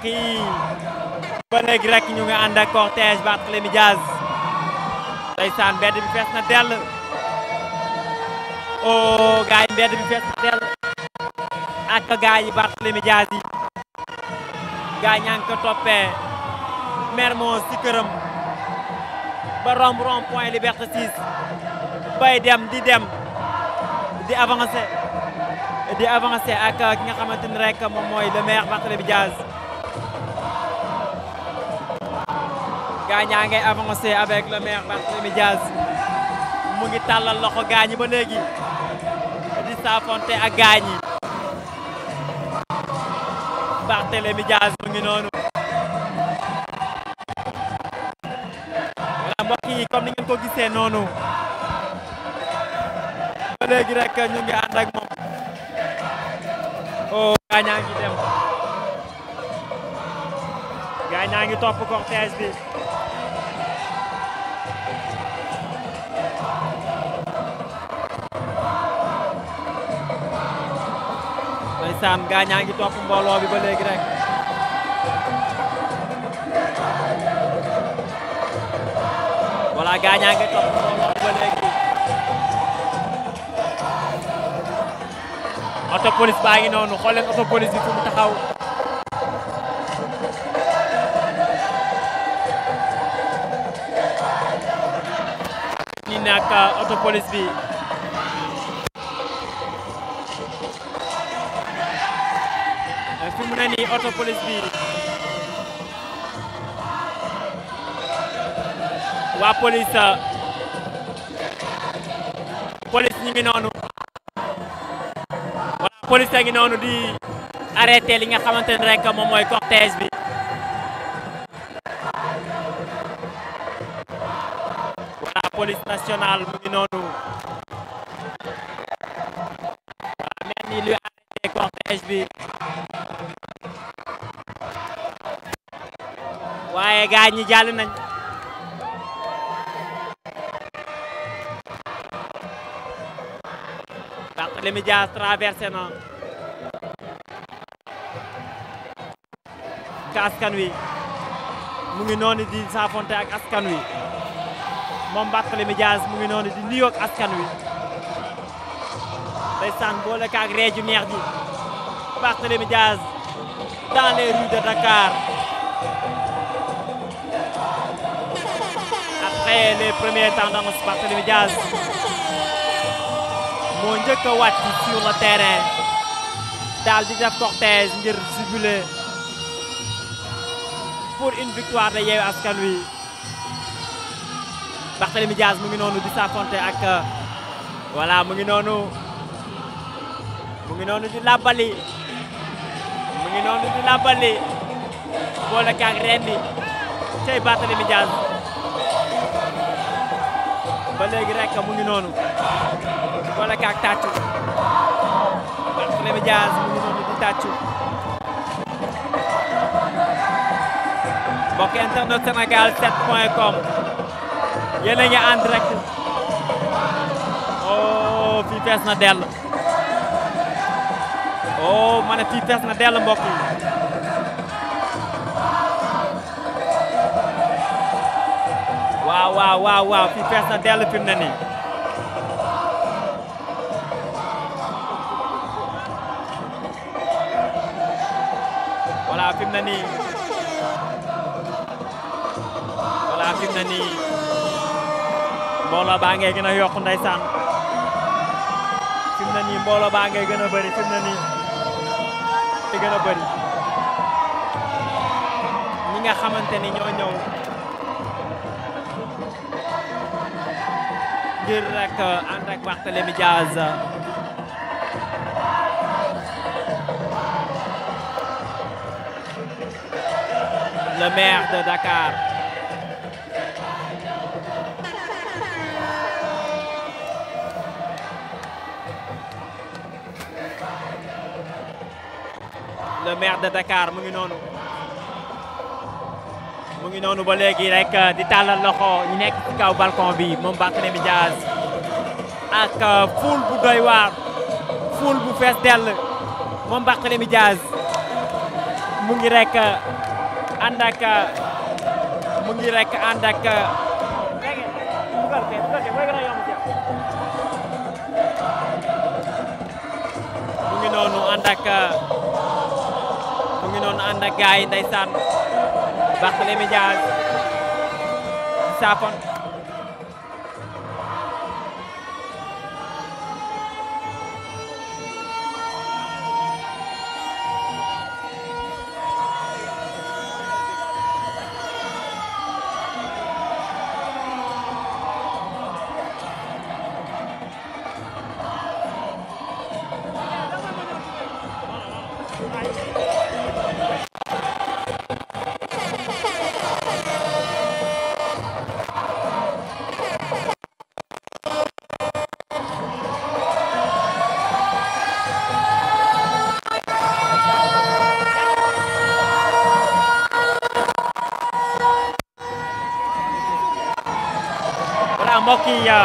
mbokk yi ba léegi rek ñu ngi ànd ak cortège Barthélémy Dias ndeysaan mbedd bi fees na dell oh gaay yi mbedd bi fees na dell ak gaay yi Barthélémy Dias yi gaay ñaa ngi ko toppee Mermoz ci këram ba romb rond point Liberté 6 bay dem di dem di avancé di avancé ak ki nga xamante ni rek moom mooy le maire Barthélémy Dias gaañaa ngay avancé avec le maire Barthélémy Diaz mu ngi tàllal loxo gaañi ba léegi di saafonte ak gaañi Barthélémy Diaz mu ngi noonu wala mbokk yi comme gisee noonu ba léegi rek ngi ànd ak moom oh ngi dem gaañaa ngi ndeysaan gaa ñaa ngi topp mbooloo bi ba léegi rek voilà gaa ñaa ngi topp mbooloo bi ba léegi oto police baa ngi noonu xool leen oto bi fu mu taxaw ni bi oto police bi waa police euh, police ñi ngi noonu voilà police a ngi noonu di arrêté li nga xamante ne rek moom mooy cortège bi voilà police nationale mu ngi noonu gaa ñi jàll nañ Barthélémy Dias traversé na ka askan wi mu ngi noonu di saafonte ak askan wi moom Barthélémy Dias mu ngi noonu di nuyoo askan wi day sànq boole kaag reeju neex ji Barthélémy Dias dans les rues de Dakar créé e les premières tendances Barthélémy moo njëkk a wàcc sur le terrain daal di def cortège ngir jubilé pour une victoire de Yewwi Askan Wi mu ngi noonu di s'affronter ak voilà mu ngi noonu mu ngi noonu di làbbali mu ngi noonu di làbbali boole kaag ren bi tey Barthélémy Diaz ba léegi rek mu ngi noonu wala kaak tàccu Barthélémy Dias internet sénégal 7 point com yéen ngi en direct oh fii fees na dell oh ma ne fii fees na dell mbokk waaw waaw waaw fi fees na dell fi na ne nii voilà fi mu ne nii voilà fi mbooloo baa ngay gën a yokk ndeysaan fi mu na nii mbooloo baa ngay gën a bëri fi mu nii di a bëri ñi nga xamante ni ñoo ngir rek euh, ànd ak Barthélémy Diaz le maire de Dakar le maire de Dakar mu noonu ngi noonu ba léegi rek euh, di tàllal loxo ñu nekk ci kaw balcon bi moom Barthélémy Dias ak euh, foule bu doy waar bu fees del moom Barthélémy Dias mu ngi rek euh, ànd ak mu ngi rek ànd ak mu ngi noonu ànd ak mu ngi noonu ànd ak gars yi ndeysaan Barthélémy Diaz Sapon mbokk yi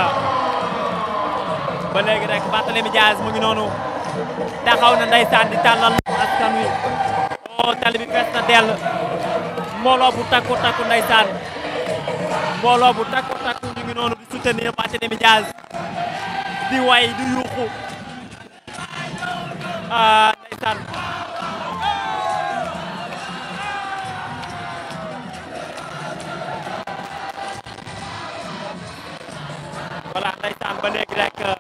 ba léegi rek Barthélémy Dias mu ngi noonu taxaw na ndeysaan di tàllal askan wi oo oh, tali mbooloo bu takku takku ndeysaan mbooloo bu takku takku ñu ngi noonu di soutenir Barthélémy Dias di way di yuuxu ah, ndeysaan ba léegi rek euh,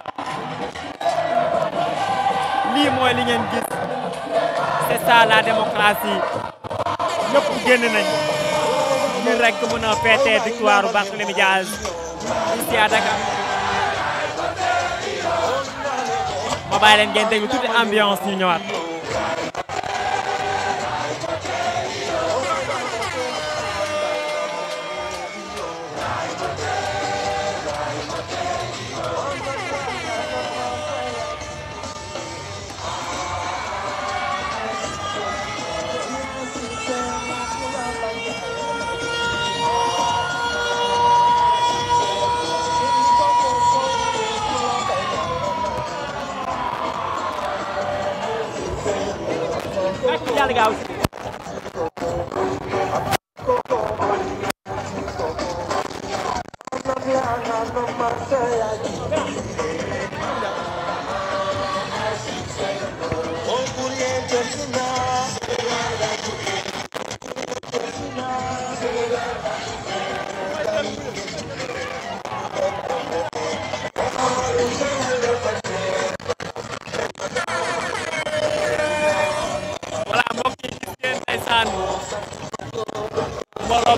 lii mooy li ngeen gis c'est ça démocratie ñëpp génn nañ ñun rek mën victoire Barthélémy Dias ici à Dakar ma ambiance ñu ñëwaat Sénégal aussi. mbooloo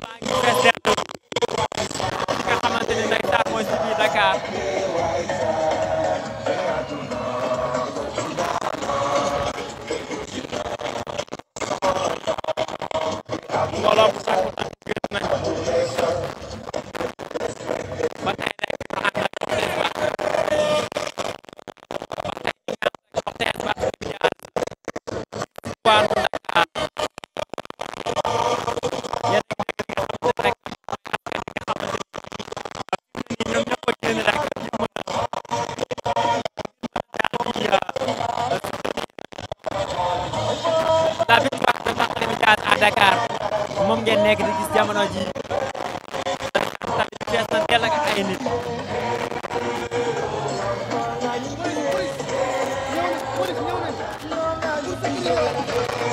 jamono ji fees na dell ak ay nit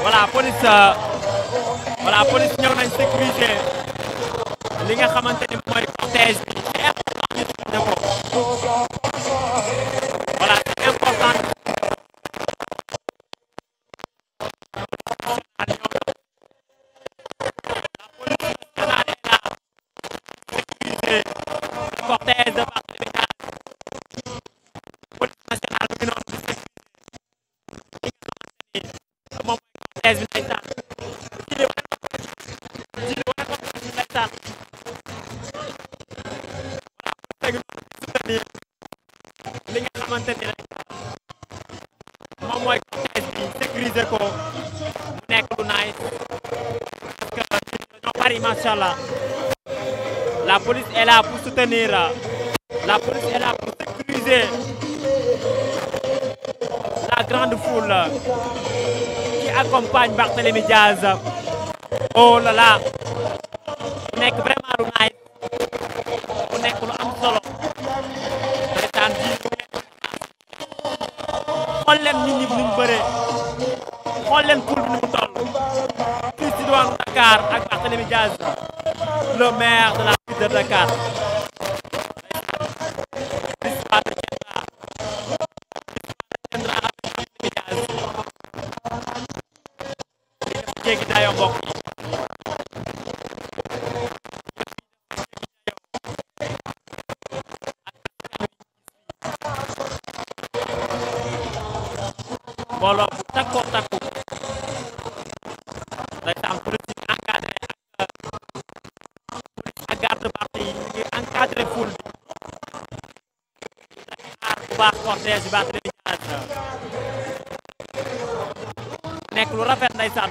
voilà police euh, voilà police ñëw nañ sécuriser li nga xamante ni Inch'Allah. La police est là pour soutenir. La police est là pour sécuriser la grande foule qui accompagne Barthélémy Diaz. Oh là là, nekk vraiment lu naay maire de la ville de Dakar. cortège Barthélémy Dias nekk lu rafet ndeysaan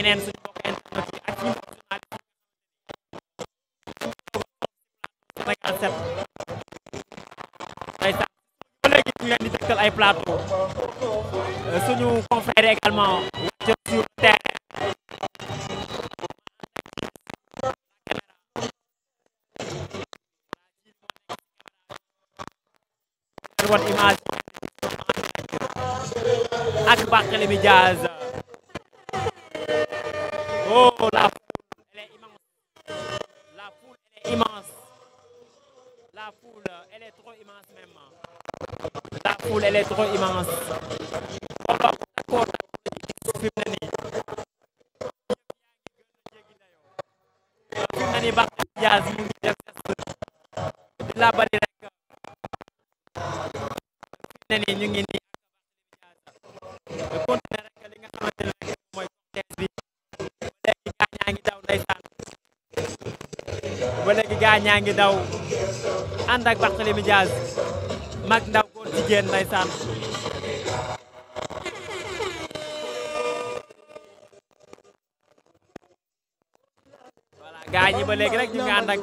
ñeneen a mbokk internet yi ak suñu fonctionnaire Sénégal 7 day également wàcce sur image ak Barthélémy Diaz Oh, la foule, elle est immense. La foule, elle est immense. La foule, elle est trop immense même. La foule, elle est trop immense. Combat bu tàkkoon la gis fi mu ne nii. Fi mu ne nii Barthélémy Dias mu ngi def test di la bali rek. Fi mu ne nii ñu ngi nii. gaa ñaa ngi daw ànd ak Barthélémy Diaz mag ndaw góor jigéen ndeysaan voilà ba léegi ak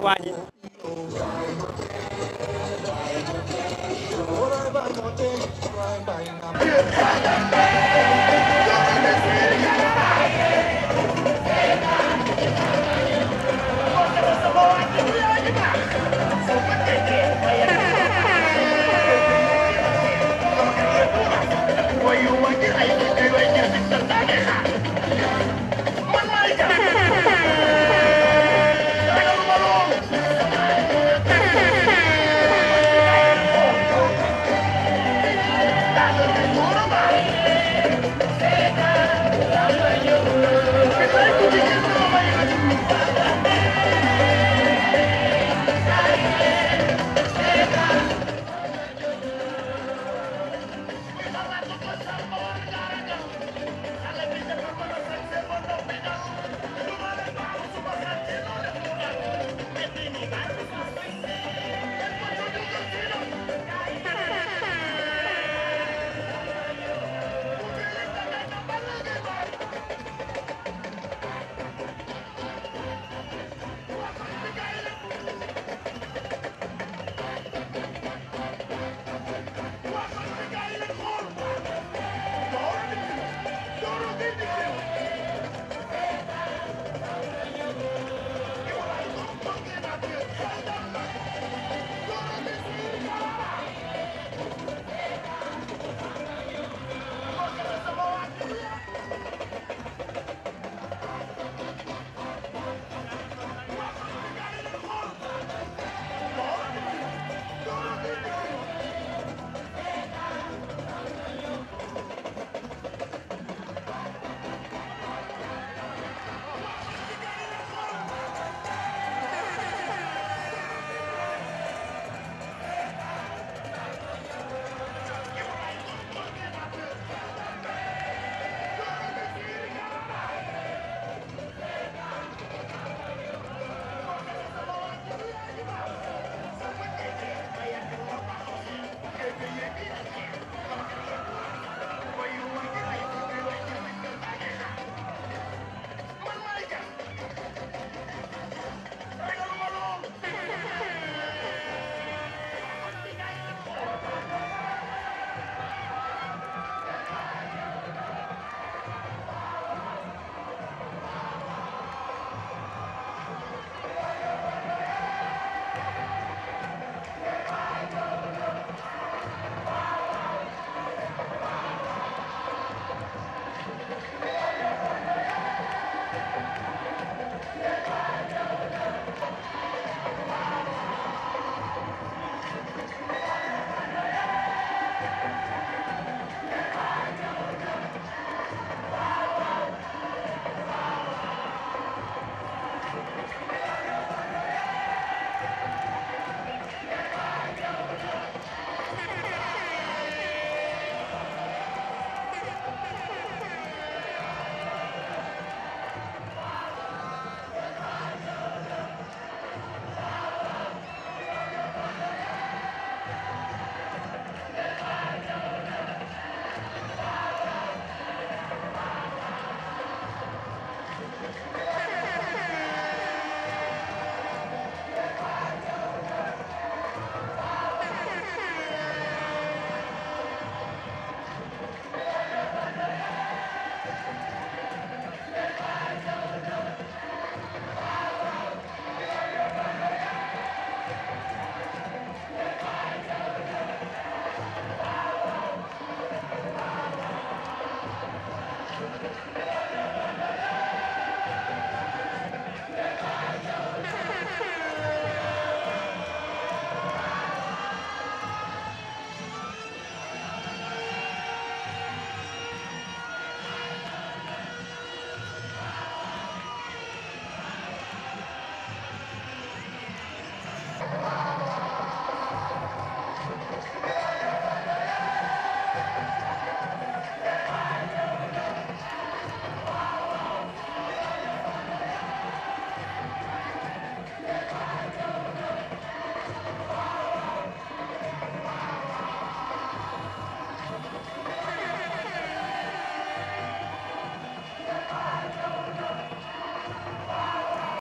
waa